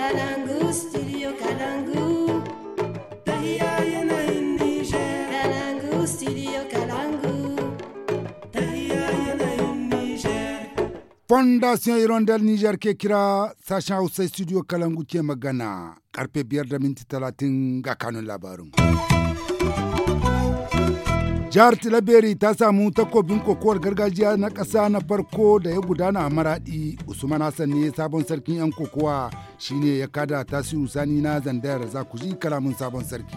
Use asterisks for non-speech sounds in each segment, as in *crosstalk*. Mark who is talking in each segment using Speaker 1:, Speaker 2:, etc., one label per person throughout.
Speaker 1: Kalangu, studio
Speaker 2: Fondation Hirondelle Niger ke kira sashen Hausa studio Kalangu ke magana. Karfe biyar da minti talatin ga kanun labarin. jihar tilaberi ta samu takobin kokowar gargajiya na ƙasa na farko da ya gudana a maraɗi usman hassan ne sabon sarkin 'yan kokowa shine ya kada tasiru sani na Zandar za ku ji kalamin sabon sarki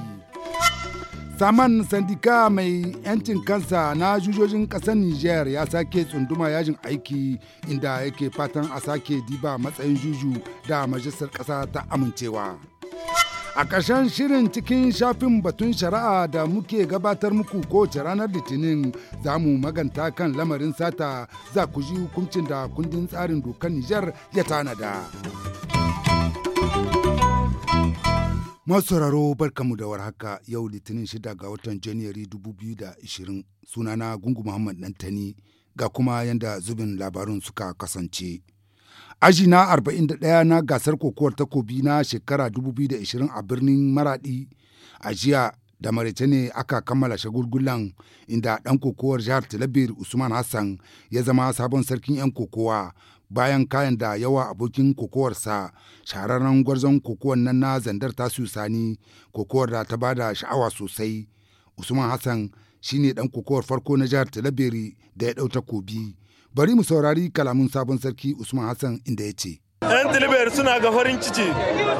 Speaker 2: saman sandika mai yancin kansa na jujojin ƙasar niger ya sake tsunduma yajin aiki inda yake fatan a sake diba matsayin juju da majalisar ƙasa ta amincewa a ƙarshen shirin cikin shafin batun shari'a da muke gabatar muku kowace ranar litinin za mu maganta kan lamarin sata za ku ji hukuncin da kundin tsarin dokar nijar ya tanada. Masauraro barkamu da warhaka yau litinin shida ga watan Janairu 2020 sunana Gungu Muhammad Dantani ga kuma yadda zubin labarun suka kasance. Aji na 41 na gasar kokowar takobi na shekara 2020 a birnin Maradi a jiya da ne aka kammala shagulgulan inda ɗan kokowar jihar Talabir Usman Hassan ya zama sabon sarkin 'yan kokowa bayan kayan da yawa abokin kokowarsa shahararren gwarzon kokowar nan na zandar tasu sani kokowar da ta bada sha'awa sosai usman hassan shine dan kokowar farko na jihar talabiri da ya ɗauta kobi bari mu saurari kalamin sabon sarki usman hassan inda ya ce
Speaker 3: 'yan diliber suna ga farin ciki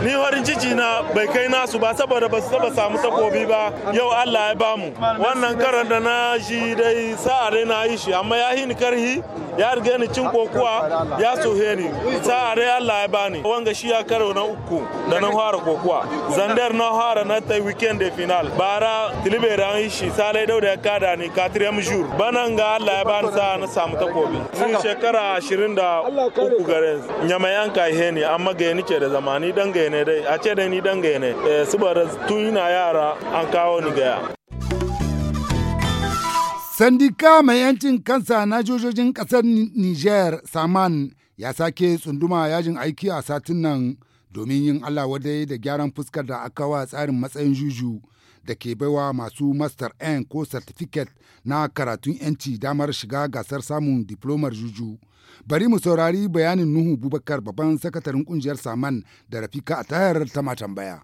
Speaker 3: ni farin ciki na bai kai nasu ba saboda ba su taba samu takobi ba yau allah ya bamu wannan karan da na shi dai sa'a dai na yi shi amma ya ni karhi ya riga ni cin kokuwa ya sohe ni sa'a dai allah ya bani wanga shi ya karo na uku da na fara kokuwa zandar na fara na ta weekend da final bara diliber an yi shi dai dauda ya kada ni katriyam jur banan ga allah ya bani sa'a na samu takobi shekara ashirin da uku gare ka kaihe ni an ni zama ni dan dai a ce ni dan ne eh, tun ina yara an kawo ni gaya
Speaker 2: Sandika mai yancin kansa na jojojin kasar Niger Saman ya sake tsunduma yajin aiki a satin nan domin yin Allah wadai da gyaran fuskar da aka wa tsarin matsayin juju da ke baiwa masu Master N ko certificate na karatun 'yanci damar shiga gasar samun diplomar juju. Bari mu saurari bayanin Nuhu Bubakar babban sakataren kungiyar Saman da Rafika a tayar ta tambaya.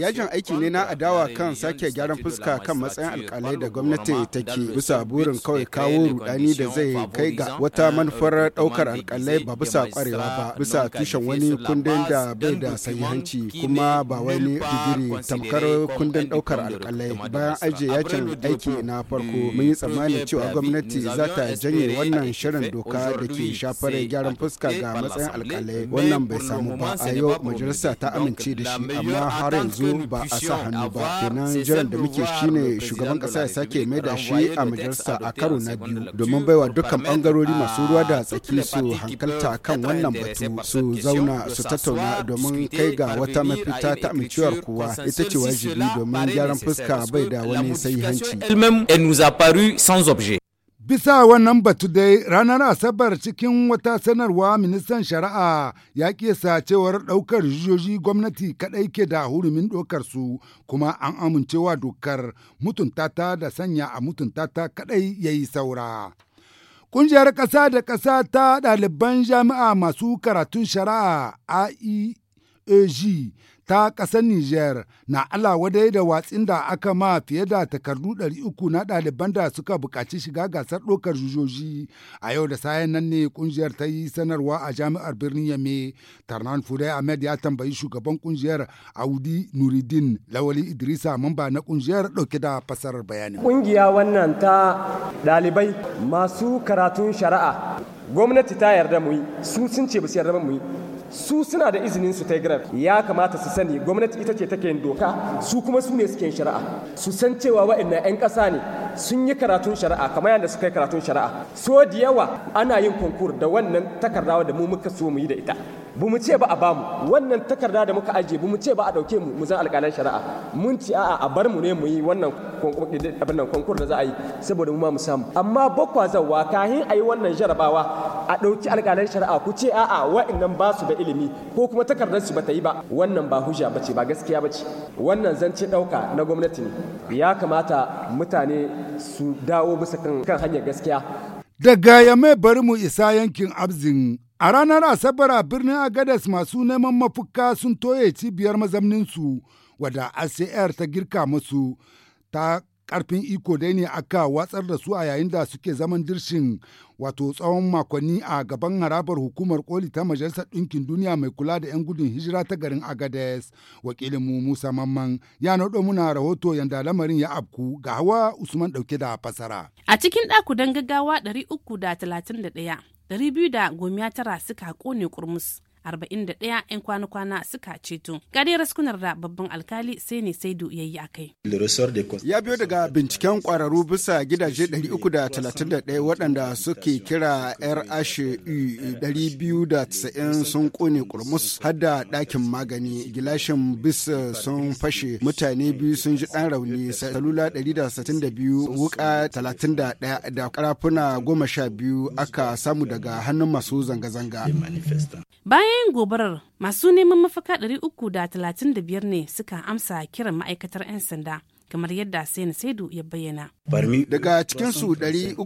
Speaker 4: Yajin aiki ne na adawa kan sake gyaran fuska kan matsayin alkalai da gwamnati take bisa burin kawai kawo rudani da zai kai ga wata manufar daukar alkalai ba bisa kwarewa ba bisa tushen wani kundin da bai da sahihanci kuma ba wani digiri tamkar kundin daukar alkalai bayan ajiye yajin aiki na farko mun yi tsammanin cewa gwamnati za ta janye wannan shirin shirin doka da ke shafar gyaran fuska ga matsayin alkalai wannan bai samu ba a yau majalisa ta amince da shi amma har yanzu ba a sa hannu ba kenan jiran da muke shine shugaban kasa ya sake mai da shi a majalisa a karo na biyu domin baiwa dukkan bangarori masu ruwa da tsaki su hankalta kan wannan batu su zauna su tattauna domin kai ga wata mafita ta amincewar kuwa ita ce wajibi domin gyaran fuska bai da wani sahihanci.
Speaker 3: Elle-même, elle nous a
Speaker 2: Bisa wannan batu dai ranar Asabar cikin wata sanarwa ministan shari'a ya kesa cewar ɗaukar jijiyoyi gwamnati kaɗai ke da hurumin ɗaukar su kuma an amincewa dokar mutuntata da sanya a mutuntata kaɗai ya yi saura. Ƙungiyar ƙasa da ƙasa ta ɗaliban jami'a masu karatun shari'a AEAG ta ƙasar Nijar na wadai da watsin da aka ma fiye da takardu 300 na ɗaliban da suka buƙaci shiga gasar ɗaukar jujoji a yau da sayan nan ne ƙungiyar ta yi sanarwa a jami'ar birnin Yame. Tarnan Fudai Ahmed ya tambayi shugaban ƙungiyar Audi Nuridin Lawali Idrisa mamba na ƙungiyar ɗauke da fasarar bayani. Ƙungiya wannan ta
Speaker 4: ɗalibai masu karatun shari'a gwamnati ta yarda mu yi su sun ce ba su yarda mu yi su suna da izinin su telegraph ya kamata su sani gwamnati ita ce take yin doka su kuma su ne suke yin shari'a su san cewa waɗannan 'yan ƙasa ne sun yi karatun shari'a kamar yadda suka yi karatun shari'a so da yawa ana yin konkur da wannan takardawa da mu muka so mu yi da ita bu mu ce ba a bamu wannan takarda da muka ajiye bu mu ce ba a dauke mu mu zan alƙalan shari'a mun ci a'a a bar mu ne mu yi wannan abin konkur da za a yi saboda mu ma mu samu amma bakwa zawa kahin a yi wannan jarabawa a ɗauki alƙalan shari'a ku ce a'a wa'annan ba su da ilimi ko kuma takardar su bata yi ba wannan ba hujja ba ce, ba gaskiya ba ce. wannan zance dauka na gwamnati ne ya kamata mutane su dawo bisa kan hanyar gaskiya
Speaker 2: daga yame bari mu isa yankin abzin A ranar Asabar a birnin Agadas masu neman mafuka sun toye cibiyar mazamninsu wadda ACR ta girka musu ta karfin iko dai ne aka watsar da su a yayin da suke zaman dirshin wato tsawon makonni a gaban harabar hukumar koli ta majalisar ɗinkin duniya mai kula da 'yan gudun hijira ta garin agades wakilin mu musa mamman ya naɗo muna rahoto yanda lamarin ya afku ga hawa usman ɗauke da fasara
Speaker 1: a cikin ɗaku ɗakudan gaggawa 331 dari biyu da goma tara suka ƙone kurmus 41 'yan kwana-kwana suka ceto ga dai raskunar da babban alkali sai ne saidu ya yi a kai
Speaker 4: ya biyo daga binciken kwararru bisa gidaje 331 waɗanda suke kira rhu 290 sun kone kurmus hada ɗakin magani gilashin bis sun fashe mutane biyu sun ji ɗan rauni salula 162 wuka 31 da karafuna 12 aka samu daga hannun masu zanga-zanga
Speaker 1: bayan bayan gobarar masu neman mafaka 335 ne suka amsa kiran ma'aikatar 'yan sanda kamar yadda Sain Saidu ya bayyana.
Speaker 4: Daga cikinsu 335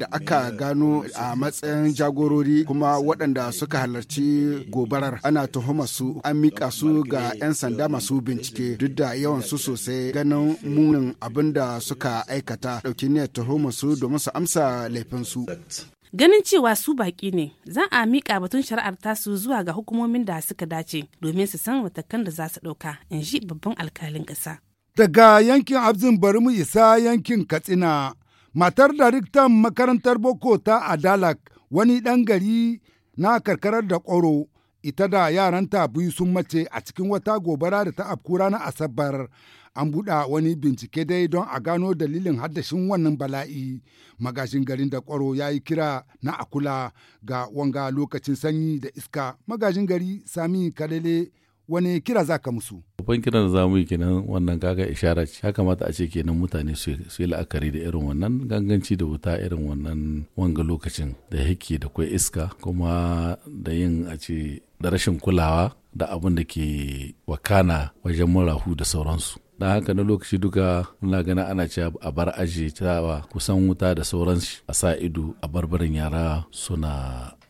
Speaker 4: da aka gano a matsayin jagorori kuma waɗanda suka halarci gobarar ana tuhuma su an miƙa su ga 'yan sanda masu bincike duk da yawan su sosai ganin munin abin da suka aikata dauki ne tuhuma su domin su amsa laifin su.
Speaker 1: ganin cewa su baki ne za a miƙa batun shari'ar tasu zuwa ga hukumomin da suka dace domin su san matakan da za su ɗauka in ji babban alkalin ƙasa.
Speaker 2: daga yankin abzin bari mu isa yankin katsina matar daraktan makarantar boko ta adalak wani ɗan gari na karkarar da ƙoro ita da yaranta biyu sun mace a cikin wata gobara da ta afku ranar asabar an buɗa wani bincike dai don a gano dalilin haddashin wannan bala'i magashin garin da kwaro ya yi kira na akula ga wanga lokacin sanyi da iska magashin gari sami kalele wani kira za ka musu?
Speaker 3: Babban kiran da za mu yi kenan wannan kaga ishara ce ya kamata a ce kenan mutane su yi la'akari da irin wannan ganganci da wuta irin wannan wanga lokacin da yake da kwai iska kuma da yin a ce da rashin kulawa da abin da ke wakana wajen murahu da sauransu. Da haka na lokaci duka muna gana ana ce a bar aji cewa kusan wuta da sauran a sa ido a barbarin yara suna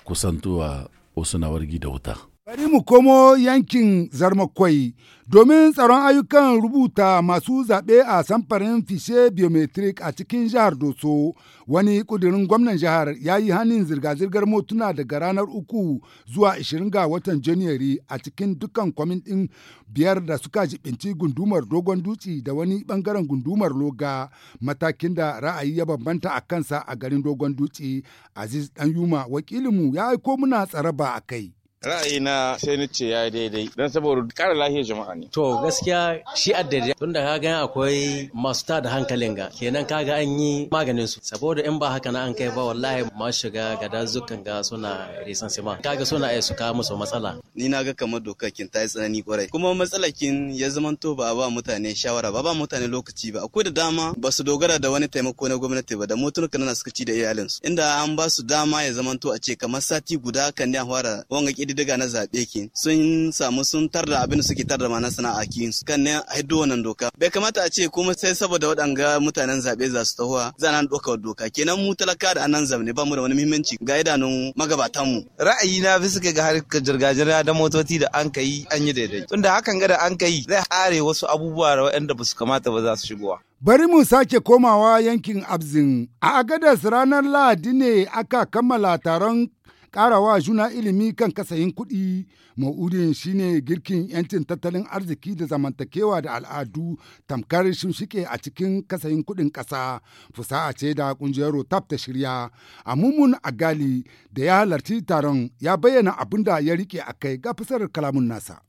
Speaker 3: kusantowa ko suna wargi da wuta
Speaker 2: Bari mu komo yankin zarmakwai domin tsaron ayyukan rubuta masu zaɓe a samfarin fishe biometric a cikin jihar Doso wani ƙudurin gwamnan jihar ya yi hannun zirga-zirgar motuna daga ranar uku zuwa 20 ga watan Janairu a cikin dukkan kwamin ɗin biyar da suka jibinci gundumar dogon dutse da wani ɓangaren gundumar loga matakin da ra'ayi ya bambanta a kansa a garin dogon dutse Aziz Ɗanyuma wakilinmu ya aiko muna tsaraba
Speaker 3: a kai. ra'ayina sai ni ce ya daidai don saboda kara lafiyar jama'a ne. To
Speaker 4: gaskiya shi addari tun da kaga akwai masu ta da hankalin ga kenan kaga an yi maganin su saboda in ba haka na an kai ba wallahi ma shiga ga dazukan ga suna risan sima kaga suna ai su kawo musu matsala. Ni na ga kamar kin ta yi tsanani kwarai kuma kin ya zamanto ba ba mutane shawara ba ba mutane lokaci ba akwai da dama ba su dogara da wani taimako na gwamnati ba da motunuka na suka ci da iyalinsu inda an ba su dama ya zamanto a ce kamar sati guda kan ne a fara wanga ƙididdiga na zaɓe ke sun samu sun tarda abin da suke tarda ma na sana'a su. kan ne haido wannan doka bai kamata a ce kuma sai saboda waɗanga mutanen zaɓe za su tahowa za nan ɗaukar doka kenan mu talaka da anan zamani ba mu da wani muhimmanci ga idanun magabatanmu. Ra'ayi na
Speaker 3: bisa ga harkar jirga-jirga da motoci da an kai an yi daidai. Tunda hakan ga da an kai zai hare wasu abubuwa da waɗanda ba su kamata ba za su shigowa.
Speaker 2: Bari mu sake komawa yankin Abzin. A agadas ranar Lahadi ne aka kammala taron karawa juna ilimi kan kasayin kuɗi ma'udin shine girkin 'yancin tattalin arziki da zamantakewa da al'adu tamkar shimshike a cikin kasayin kuɗin ƙasa fusa'a ce da ƙungiyar rotap ta shirya a agali da ya halarci taron ya bayyana abin da ya rike a kai ga fasarar kalamun nasa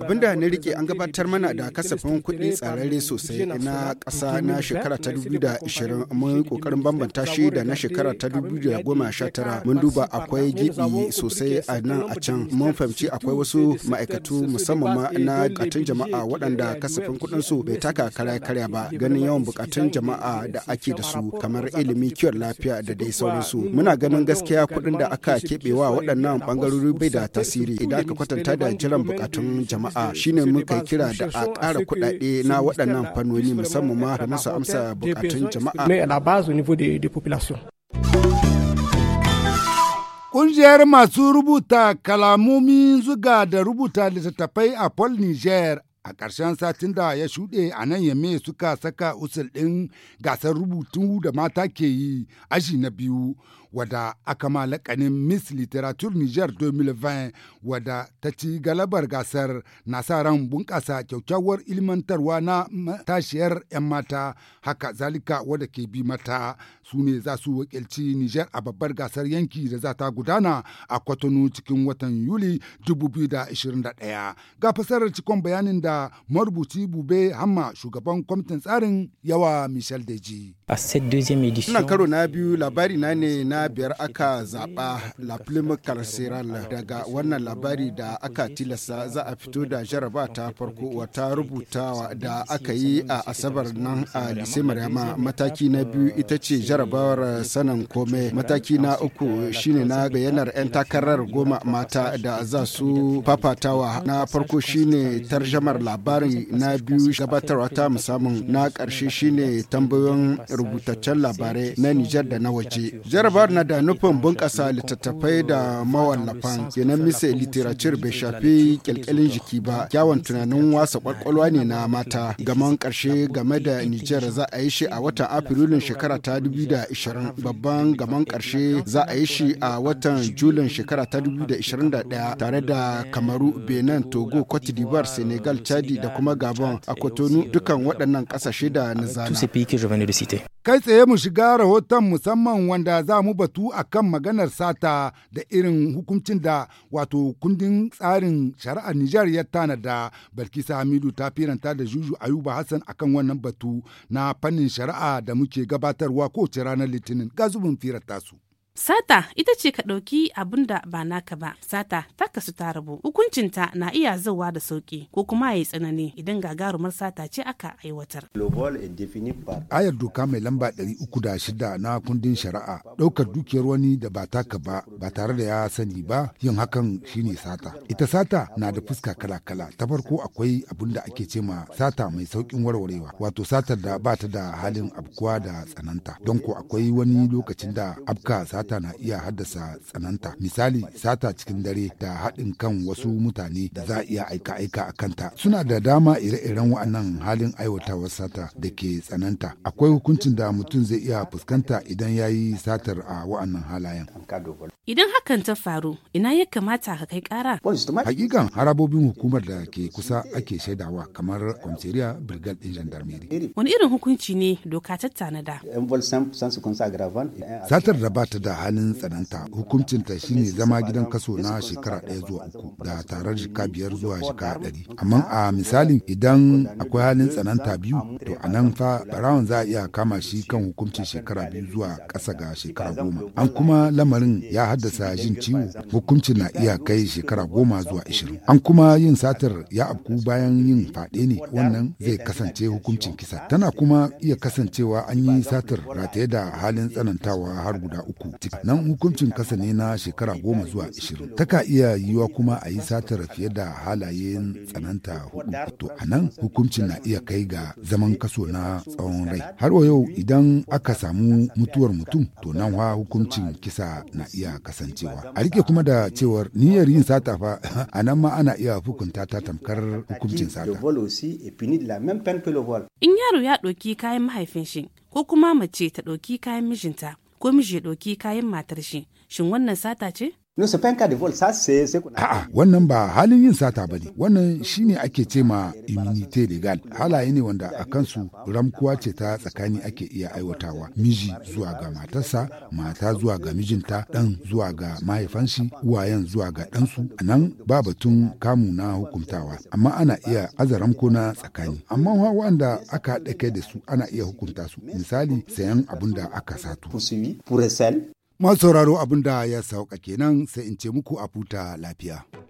Speaker 4: abin da na rike an gabatar mana da kasafin kuɗi tsararre sosai na ƙasa na shekara ta 2020 mun ƙoƙarin bambanta shi da na shekara ta 2019 mun duba akwai gibi sosai a nan a can mun fahimci akwai wasu ma'aikatu musamman ma na bukatun jama'a waɗanda kasafin kuɗin su bai taka karya karya ba ganin yawan bukatun jama'a da ake da su kamar ilimi kiwon lafiya da dai sauransu muna ganin gaskiya kuɗin da aka keɓewa waɗannan bangarori bai da tasiri idan aka kwatanta da jiran bukatun jama'a shine muka kira da a ƙara kuɗaɗe na waɗannan fannoni musamman ma da musu amsa bukatun jama'a.
Speaker 2: Ƙungiyar masu rubuta kalamomin zuga da rubuta littattafai a Pol Niger a ƙarshen satin da ya shuɗe a nan yame suka saka usul ɗin gasar rubutu da mata ke yi aji na biyu wada aka ma lakanin Miss Literature Niger 2020 wada ta ci galabar gasar na sa ran bunƙasa kyaukyawar ilmantarwa na matashiyar 'yan mata haka zalika wadda ke bi mata su ne za su wakilci Niger a babbar gasar yanki da za ta gudana a Kwatano cikin watan Yuli 2021. Ga fasarar cikon bayanin da marubuci Bube Hamma shugaban kwamitin tsarin yawa Michel Deji.
Speaker 4: A na karo na biyu labari na ne na biyar aka zaɓa plume carceral daga wannan labari da aka tilasta za a fito da jaraba ta farko wata rubutawa da aka yi a asabar nan a lise maryama mataki na biyu ita ce jarabawar sanin kome mataki na uku shine na bayanar 'yan takarar goma mata da za su fafatawa na farko shine tarjamar labari na biyu gabatarwa ta musamman na ƙarshe shine tambayoyin rubutaccen labarai na nijar da na waje jarabar na da nufin bunƙasa littattafai da mawallafan kenan mise literature bai shafi kyalkyalin jiki ba kyawun tunanin wasa kwakwalwa ne na mata gaman ƙarshe game da nijar za a yi shi a watan afrilun shekara ta 2020 babban gaman ƙarshe za a yi shi a watan julin shekara ta 2021 tare da kamaru benin togo cote d'ivoire senegal chadi da kuma gabon a kotonu dukan waɗannan ƙasashe da na zana
Speaker 2: kai tsaye mu shiga rahoton musamman wanda za mu batu a kan maganar sata da irin hukuncin da wato kundin tsarin shari'a Nijar ya tana da Balkisa Hamidu ta firanta da Juju Ayuba Hassan kan wannan batu na fannin shari'a da muke gabatarwa kowace ranar Litinin ga zubin firar tasu.
Speaker 1: Sata ita ce ka ɗauki abin da ba naka ba. Sata ta kasu ta rabu. Hukuncinta na iya zauwa da sauƙi ko kuma ya yi tsanani idan gagarumar sata ce aka aiwatar.
Speaker 2: Ayar doka mai lamba uku da shida na kundin shari'a ɗaukar dukiyar wani da ba ta ka ba ba tare da ya sani ba yin hakan shine sata. Ita sata na da fuska kala-kala. Ta farko akwai abin da ake ce ma sata mai sauƙin warwarewa wato satar da ba ta da halin abkuwa da tsananta. Don ko akwai wani lokacin da abka sata sata na iya haddasa tsananta misali sata cikin dare da haɗin kan wasu mutane da za a iya aika-aika a kanta suna da dama ire-iren wa'annan halin aiwatawar sata da ke tsananta akwai hukuncin da mutum zai iya fuskanta idan ya yi satar a wa'annan halayen
Speaker 1: idan hakan ta faru ina ya kamata ka kai kara hakikan
Speaker 2: harabobin hukumar da ke kusa ake shaidawa kamar kwamseriya birgal din jandarmeri
Speaker 1: wani irin hukunci ne doka ta tanada
Speaker 2: satar da ba ta da halin tsananta hukuncinta shine zama gidan kaso na shekara ɗaya zuwa uku da tarar shika biyar zuwa shika ɗari amma a misalin idan akwai halin tsananta biyu to a nan fa barawan za a iya kama shi kan hukuncin shekara biyu zuwa ƙasa ga shekara goma an kuma lamarin ya haddasa jin ciwo hukuncin na iya kai shekara goma zuwa ishirin an kuma yin satar ya afku bayan yin faɗe ne wannan zai kasance hukuncin kisa tana kuma iya kasancewa an yi satar rataye da halin tsanantawa har guda uku automatic nan hukuncin kasa ne na shekara goma zuwa ta ka iya yiwa kuma a yi satar fiye da halayen tsananta hukunto a nan hukuncin na iya kai ga zaman kaso na tsawon rai. Har wa yau idan aka samu mutuwar mutum to nan wa hukuncin kisa na iya kasancewa. A rike kuma da cewar niyyar yin sata fa *laughs* a nan ma ana iya hukunta ta tamkar hukuncin sata.
Speaker 1: In yaro ya ɗauki kayan mahaifin shi ko kuma mace ta ɗauki kayan mijinta ko miji ya ɗauki kayan matar shi shin wannan sata ce No,
Speaker 2: A'a, wannan ba halin yin sata ba ne, wannan shine ake ce ma immunité legal, halaye ne wanda a kansu ramkuwa ce ta tsakani ake iya aiwatawa, miji zuwa ga matarsa, mata zuwa ga mijinta, dan zuwa ga mahaifanshi, uwayen zuwa ga ɗansu, a nan ba batun kamu na hukuntawa, amma ana iya aza ramko na tsakani. Amma wanda aka haɗa da su ana iya hukunta su, misali sayan abin da aka sato. masu sauraro abin da ya sauka kenan sai in ce muku a futa lafiya.